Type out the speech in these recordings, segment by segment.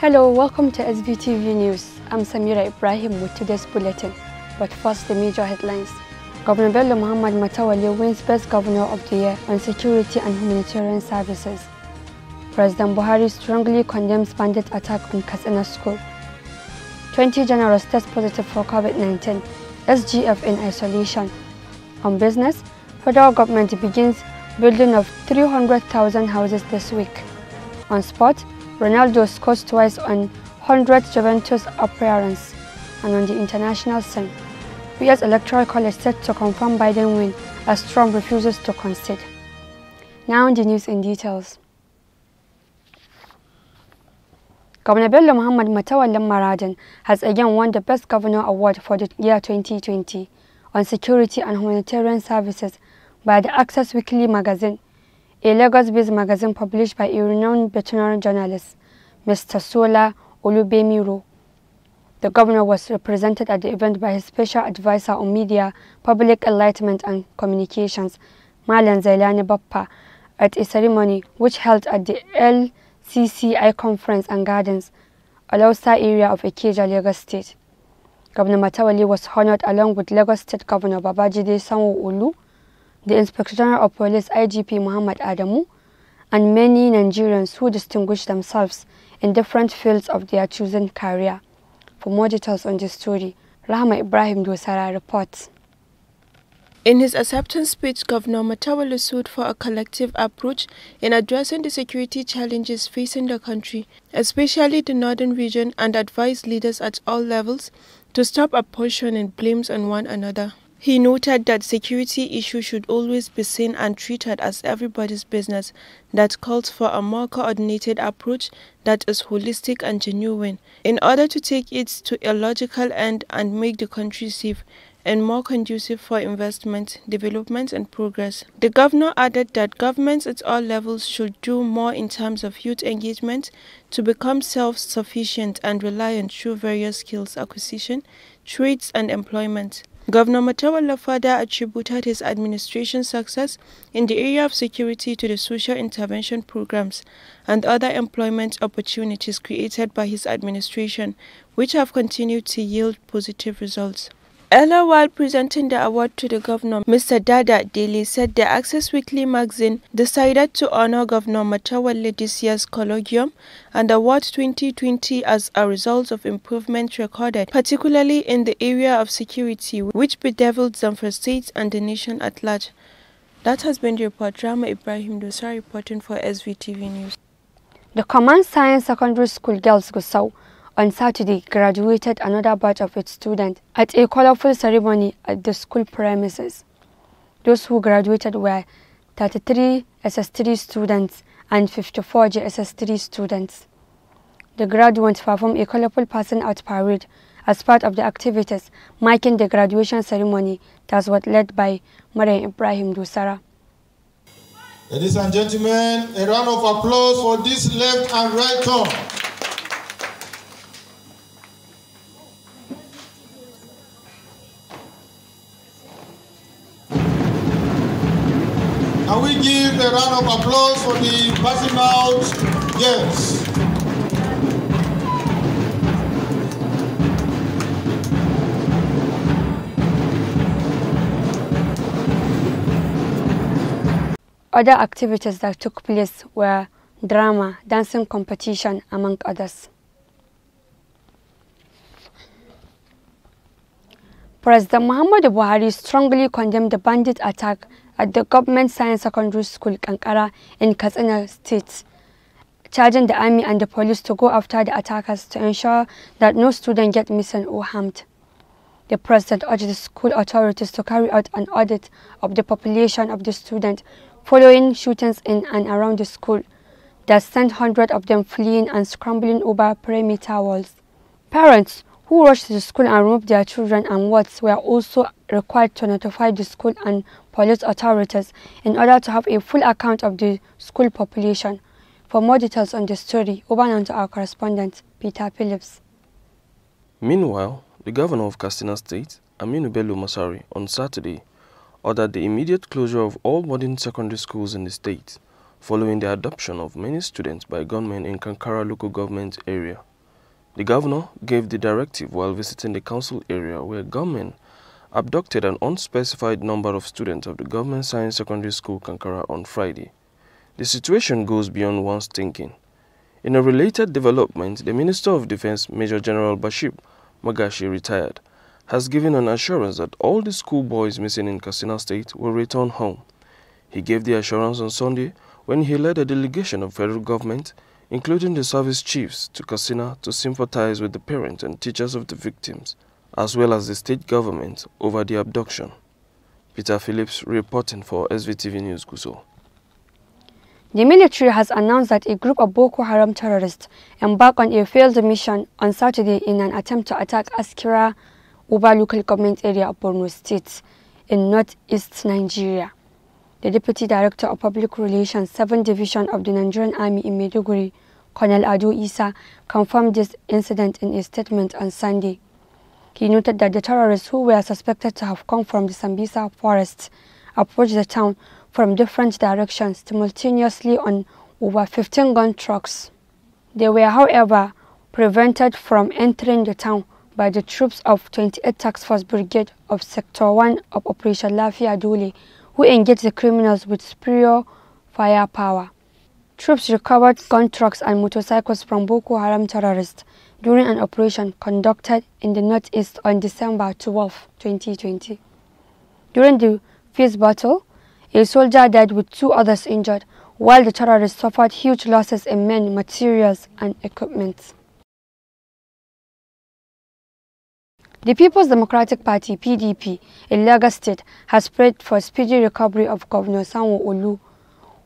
Hello, welcome to SBTV News. I'm Samira Ibrahim with today's bulletin. But first, the major headlines. Governor Bello Muhammad Matawali wins Best Governor of the Year on Security and Humanitarian Services. President Buhari strongly condemns bandit attack on Katsina school. 20 generals test positive for COVID-19, SGF in isolation. On business, federal government begins building of 300,000 houses this week. On sport, Ronaldo scores twice on 100 Juventus appearance and on the international scene. U.S. Electoral College set to confirm Biden win as Trump refuses to concede. Now the news in details. Governor Bello Muhammad Matawallan Maradin has again won the Best Governor Award for the year 2020 on security and humanitarian services by the Access Weekly magazine, a Lagos-based magazine published by a renowned veterinary journalist, Mr. Sola Olubemiro. The governor was represented at the event by his special advisor on media, public enlightenment and communications, Malan Zailani Bappa, at a ceremony which held at the L. CCI Conference and Gardens, lausa area of Ikeja, Lagos State. Governor Matawali was honored along with Lagos State Governor Babajide sanwo ulu the Inspector General of Police IGP Muhammad Adamu, and many Nigerians who distinguished themselves in different fields of their chosen career. For more details on this story, Rahma Ibrahim Dosara reports. In his acceptance speech, Governor Matawale sued for a collective approach in addressing the security challenges facing the country, especially the northern region, and advised leaders at all levels to stop apportioning blames on one another. He noted that security issues should always be seen and treated as everybody's business that calls for a more coordinated approach that is holistic and genuine in order to take it to a logical end and make the country safe and more conducive for investment, development and progress. The governor added that governments at all levels should do more in terms of youth engagement to become self-sufficient and reliant through various skills acquisition, trades and employment. Governor Matawa Lafada attributed his administration's success in the area of security to the social intervention programs and other employment opportunities created by his administration, which have continued to yield positive results. Earlier while presenting the award to the governor, Mr. Dada Dili said the Access Weekly magazine decided to honor Governor Matawalle this year's colloquium and award 2020 as a result of improvements recorded, particularly in the area of security, which bedeviled Zamfara State and the nation at large. That has been the report. Drama Ibrahim Dosa reporting for SVTV News. The Command Science Secondary School Girls Gusau on Saturday graduated another batch of its students at a colorful ceremony at the school premises. Those who graduated were 33 SS3 students and 54 JSS3 students. The graduates performed a colorful passing out parade as part of the activities marking the graduation ceremony that was led by Mariam Ibrahim Dusara. Ladies and gentlemen, a round of applause for this left and right turn. round of applause for the passing out girls. Other activities that took place were drama, dancing competition, among others. President Muhammad Buhari strongly condemned the bandit attack at the Government Science Secondary School, Kankara, in Katsina State, charging the army and the police to go after the attackers to ensure that no student get missing or harmed. The president urged the school authorities to carry out an audit of the population of the students following shootings in and around the school that sent hundreds of them fleeing and scrambling over perimeter walls. Parents who rushed to the school and removed their children and wards were also required to notify the school and police authorities in order to have a full account of the school population. For more details on this story, over to our correspondent, Peter Phillips. Meanwhile, the governor of Castina State, Aminu Belu Masari, on Saturday, ordered the immediate closure of all modern secondary schools in the state, following the adoption of many students by gunmen in Kankara local government area. The governor gave the directive while visiting the council area where gunmen abducted an unspecified number of students of the Government Science Secondary School Kankara on Friday. The situation goes beyond one's thinking. In a related development, the Minister of Defense, Major General Bashir Magashi, retired, has given an assurance that all the schoolboys missing in Kasina State will return home. He gave the assurance on Sunday when he led a delegation of federal government, including the service chiefs, to Kasina to sympathize with the parents and teachers of the victims as well as the state government over the abduction. Peter Phillips reporting for SVTV News Gusau. The military has announced that a group of Boko Haram terrorists embarked on a failed mission on Saturday in an attempt to attack Askira Uba local government area of Borno State in northeast Nigeria. The Deputy Director of Public Relations 7th Division of the Nigerian Army in Maiduguri, Colonel Ado Isa, confirmed this incident in a statement on Sunday. He noted that the terrorists who were suspected to have come from the Sambisa forest approached the town from different directions simultaneously on over 15 gun trucks. They were, however, prevented from entering the town by the troops of 28 Task Force Brigade of Sector 1 of Operation Lafia Dule, who engaged the criminals with superior firepower. Troops recovered gun trucks and motorcycles from Boko Haram terrorists during an operation conducted in the northeast on December 12, 2020. During the fierce battle, a soldier died with two others injured, while the terrorists suffered huge losses in men, materials, and equipment. The People's Democratic Party, PDP, in Lagos State has prayed for speedy recovery of Governor Sanwo Olu,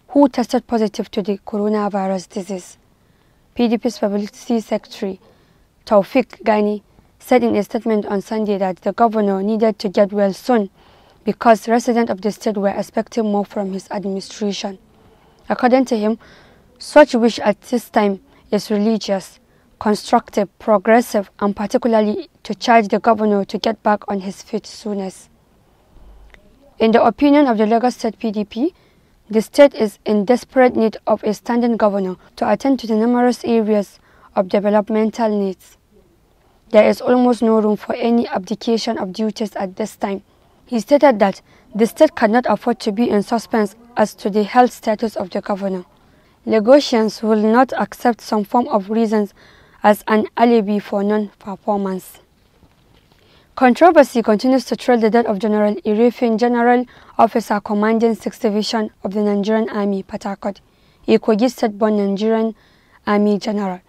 who tested positive to the coronavirus disease. PDP's publicity secretary, Taufik Ghani, said in a statement on Sunday that the governor needed to get well soon because residents of the state were expecting more from his administration. According to him, such wish at this time is religious, constructive, progressive, and particularly to charge the governor to get back on his feet soonest. In the opinion of the Lagos State PDP, the state is in desperate need of a standing governor to attend to the numerous areas of developmental needs. There is almost no room for any abdication of duties at this time. He stated that the state cannot afford to be in suspense as to the health status of the governor. Lagosians will not accept some form of reasons as an alibi for non-performance. Controversy continues to trail the death of General Irifin, General Officer commanding 6th Division of the Nigerian Army, Patakot, a Kogi State-born Nigerian Army General.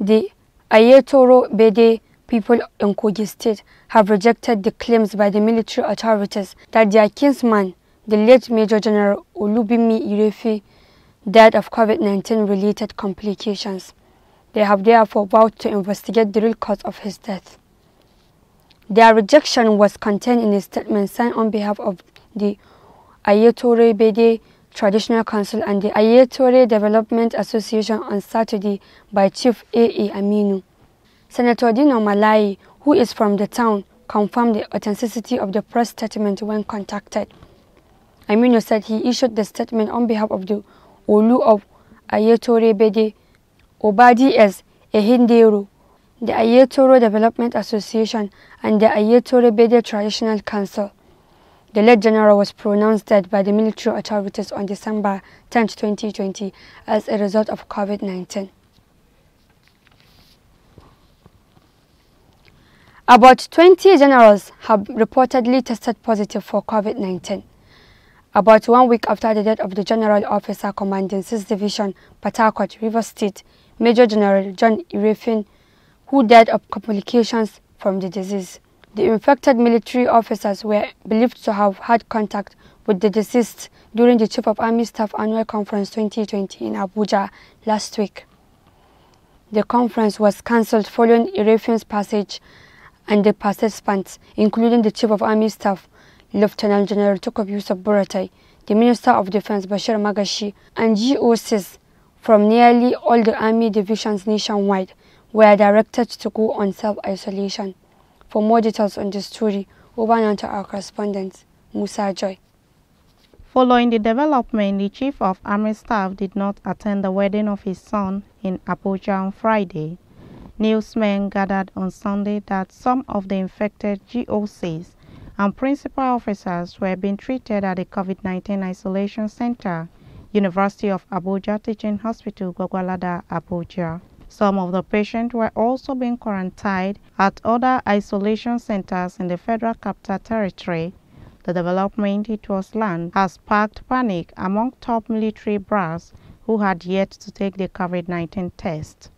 The Ayetoro Bede people in Kogi state have rejected the claims by the military authorities that their kinsman, the late Major General Olubimi Irefe, died of COVID-19 related complications. They have therefore vowed to investigate the real cause of his death. Their rejection was contained in a statement signed on behalf of the Ayetoro Bede Traditional Council and the Ayetore Development Association on Saturday by Chief A.E. Aminu. Senator Dino Malai, who is from the town, confirmed the authenticity of the press statement when contacted. Aminu said he issued the statement on behalf of the Olu of Ayetore Bede, Obadi S. Ehindero, the Ayetoro Development Association and the Ayetore Bede Traditional Council. The late general was pronounced dead by the military authorities on December 10, 2020 as a result of COVID-19. About 20 generals have reportedly tested positive for COVID-19. About one week after the death of the general officer commanding 6th Division, Patakot, River State, Major General John Irefin, who died of complications from the disease. The infected military officers were believed to have had contact with the deceased during the Chief of Army Staff Annual Conference 2020 in Abuja last week. The conference was cancelled following Irafian's passage and the participants, including the Chief of Army Staff, Lieutenant General Tukov Yusuf Buratai, the Minister of Defense Bashir Magashi, and GOCs from nearly all the army divisions nationwide were directed to go on self-isolation. For more details on this story, over now to our correspondent, Musa Joy. Following the development, the chief of army staff did not attend the wedding of his son in Abuja on Friday. Newsmen gathered on Sunday that some of the infected GOCs and principal officers were being treated at the COVID-19 isolation center, University of Abuja Teaching Hospital, Gwagwalada, Abuja. Some of the patients were also being quarantined at other isolation centers in the Federal Capital Territory. The development it was learned, has sparked panic among top military brass who had yet to take the COVID-19 test.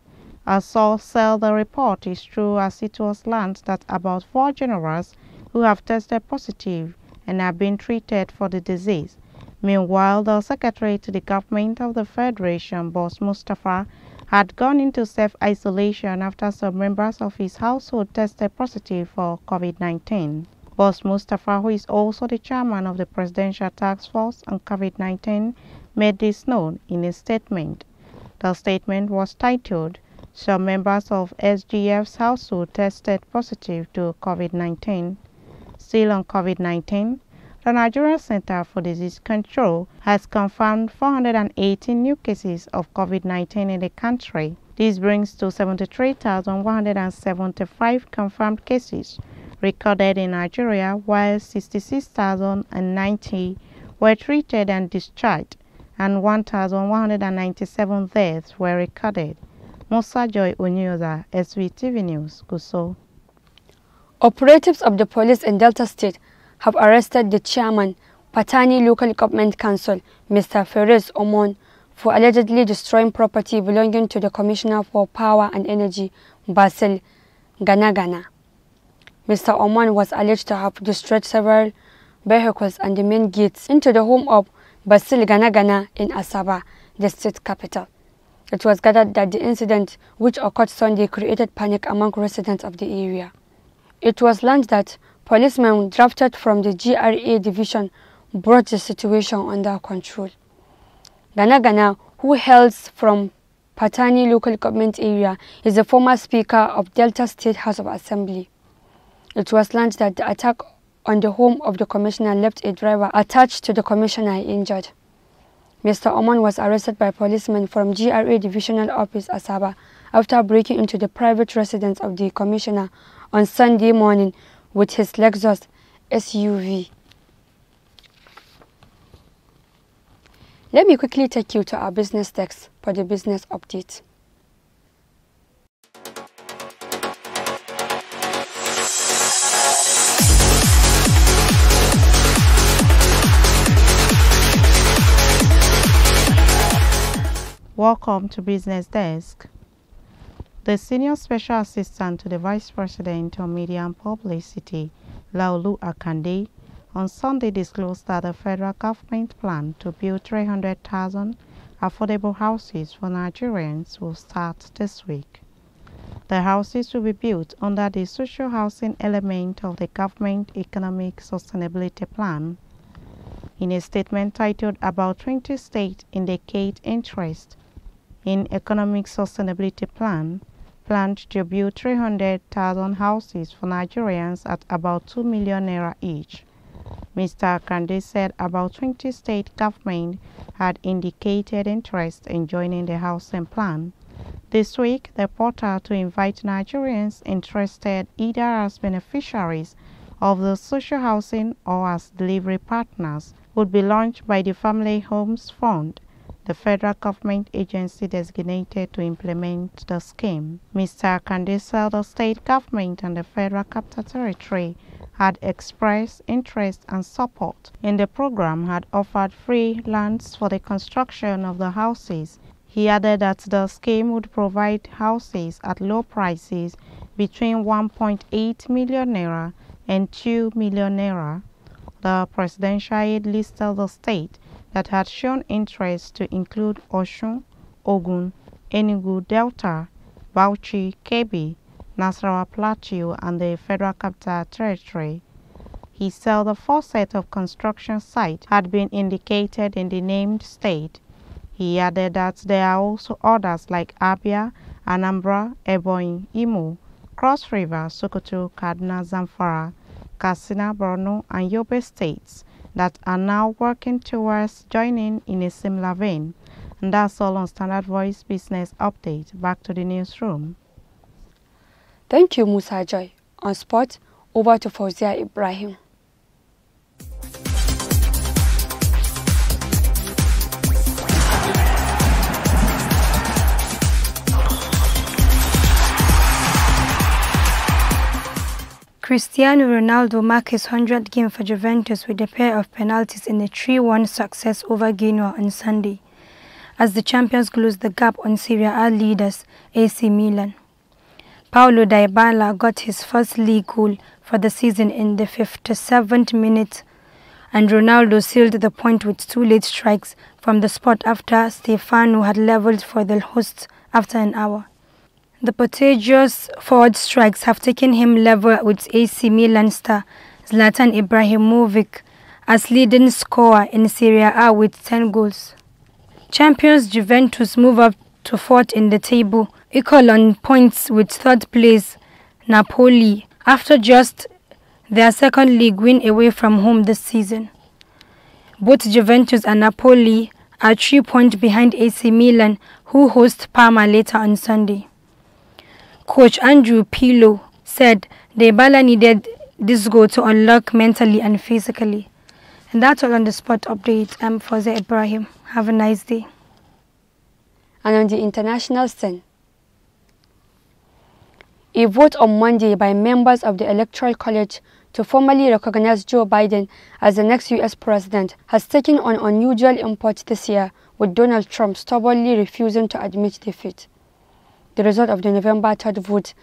A source said the report is true as it was learned that about four generals who have tested positive and have been treated for the disease. Meanwhile, the secretary to the government of the Federation, Boss Mustafa, had gone into self-isolation after some members of his household tested positive for COVID-19. Boss Mustafa, who is also the chairman of the Presidential Task Force on COVID-19, made this known in a statement. The statement was titled, Some members of SGF's household tested positive to COVID-19. Still on COVID-19, the Nigerian Center for Disease Control has confirmed 418 new cases of COVID-19 in the country. This brings to 73,175 confirmed cases recorded in Nigeria, while 66,090 were treated and discharged, and 1,197 deaths were recorded. Musa Joy Onyoza, SVTV News, Gusau. Operatives of the police in Delta State have arrested the chairman, Patani Local Government Council, Mr. Ferez Omon, for allegedly destroying property belonging to the Commissioner for Power and Energy, Basil Ganagana. Mr. Oman was alleged to have destroyed several vehicles and the main gates into the home of Basil Ganagana in Asaba, the state capital. It was gathered that the incident, which occurred Sunday, created panic among residents of the area. It was learned that Policemen drafted from the GRA division brought the situation under control. Gana Gana, who hails from Patani local government area, is the former speaker of Delta State House of Assembly. It was learned that the attack on the home of the commissioner left a driver attached to the commissioner injured. Mr. Oman was arrested by policemen from GRA Divisional Office Asaba after breaking into the private residence of the commissioner on Sunday morning with his Lexus SUV. Let me quickly take you to our business text for the business update. Welcome to Business Desk. The Senior Special Assistant to the Vice President on Media and Publicity, Laulu Akande, on Sunday disclosed that the federal government plan to build 300,000 affordable houses for Nigerians will start this week. The houses will be built under the social housing element of the Government Economic Sustainability Plan. In a statement titled About 20 States Indicate Interest in Economic Sustainability Plan, planned to build 300,000 houses for Nigerians at about 2 million naira each. Mr. Kande said about 20 state governments had indicated interest in joining the housing plan. This week, the portal to invite Nigerians interested either as beneficiaries of the social housing or as delivery partners would be launched by the Family Homes Fund the federal government agency designated to implement the scheme. Mr. Kandisa, the state government and the federal capital territory had expressed interest and support in the program had offered free lands for the construction of the houses. He added that the scheme would provide houses at low prices between 1.8 million naira and 2 million naira the presidential listed the states that had shown interest to include Osun, Ogun, Enugu Delta, Bauchi, Kebi, Nasarawa Plateau, and the Federal Capital Territory. He said the four set of construction sites had been indicated in the named state. He added that there are also others like Abia, Anambra, Ebonyi, Imo, Cross River, Sokoto, Kaduna, Zamfara, Casina, Borno, and Yobe states that are now working towards joining in a similar vein. And that's all on Standard Voice Business Update. Back to the newsroom. Thank you, Musa Joy. On spot, over to Fozia Ibrahim. Cristiano Ronaldo marked his 100th game for Juventus with a pair of penalties in a 3-1 success over Genoa on Sunday, as the champions closed the gap on Serie A leaders AC Milan. Paulo Dybala got his first league goal for the season in the 57th minute, and Ronaldo sealed the point with two late strikes from the spot after Stefano had levelled for the hosts after an hour. The Porteous forward strikes have taken him level with AC Milan star Zlatan Ibrahimovic as leading scorer in Serie A with 10 goals. Champions Juventus move up to fourth in the table, equal on points with third place Napoli after just their second league win away from home this season. Both Juventus and Napoli are three points behind AC Milan, who host Parma later on Sunday. Coach Andrew Pilo said Debala needed this goal to unlock mentally and physically. And that's all on the spot update. I'm Faze Ibrahim. Have a nice day. And on the international scene, a vote on Monday by members of the Electoral College to formally recognize Joe Biden as the next U.S. president has taken on unusual import this year, with Donald Trump stubbornly refusing to admit defeat the result of the November 3rd vote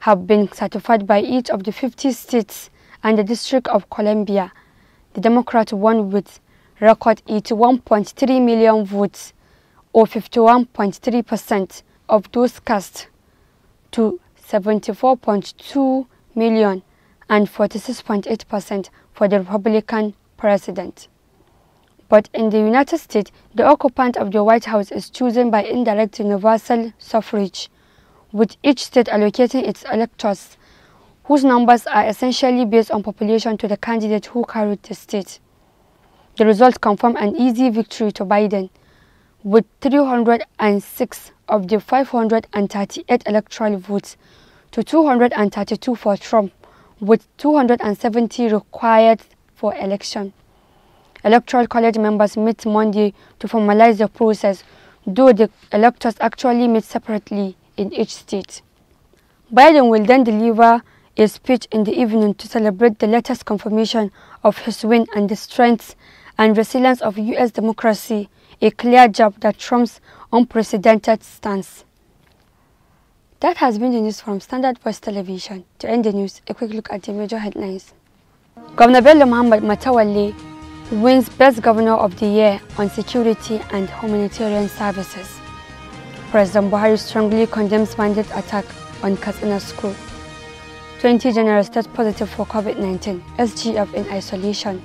have been certified by each of the 50 states and the District of Columbia. The Democrats won with record 81.3 million votes, or 51.3% of those cast, to 74.2 million and 46.8% for the Republican president. But in the United States, the occupant of the White House is chosen by indirect universal suffrage, with each state allocating its electors, whose numbers are essentially based on population to the candidate who carried the state. The result confirmed an easy victory to Biden, with 306 of the 538 electoral votes to 232 for Trump, with 270 required for election. Electoral College members meet Monday to formalize the process, though the electors actually meet separately in each state. Biden will then deliver a speech in the evening to celebrate the latest confirmation of his win and the strength and resilience of U.S. democracy, a clear jab that Trump's unprecedented stance. That has been the news from Standard Voice Television. To end the news, a quick look at the major headlines. Governor Bello Muhammad Matawalle wins Best Governor of the Year on Security and Humanitarian Services. President Buhari strongly condemns bandit attack on Katsina School. 20 generals test positive for COVID-19, SGF in isolation.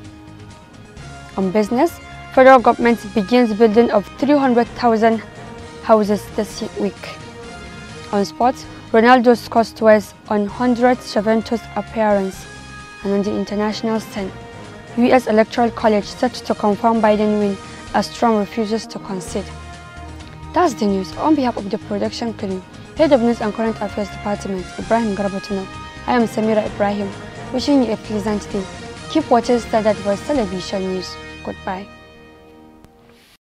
On business, federal government begins building of 300,000 houses this week. On sports, Ronaldo scores twice on 100 Juventus appearance and on the international scene. U.S. Electoral College set to confirm Biden win as Trump refuses to concede. That's the news. On behalf of the production crew, Head of News and Current Affairs Department, Ibrahim Garbatuna, I am Samira Ibrahim, wishing you a pleasant day. Keep watching Standard Voice Television News. Goodbye.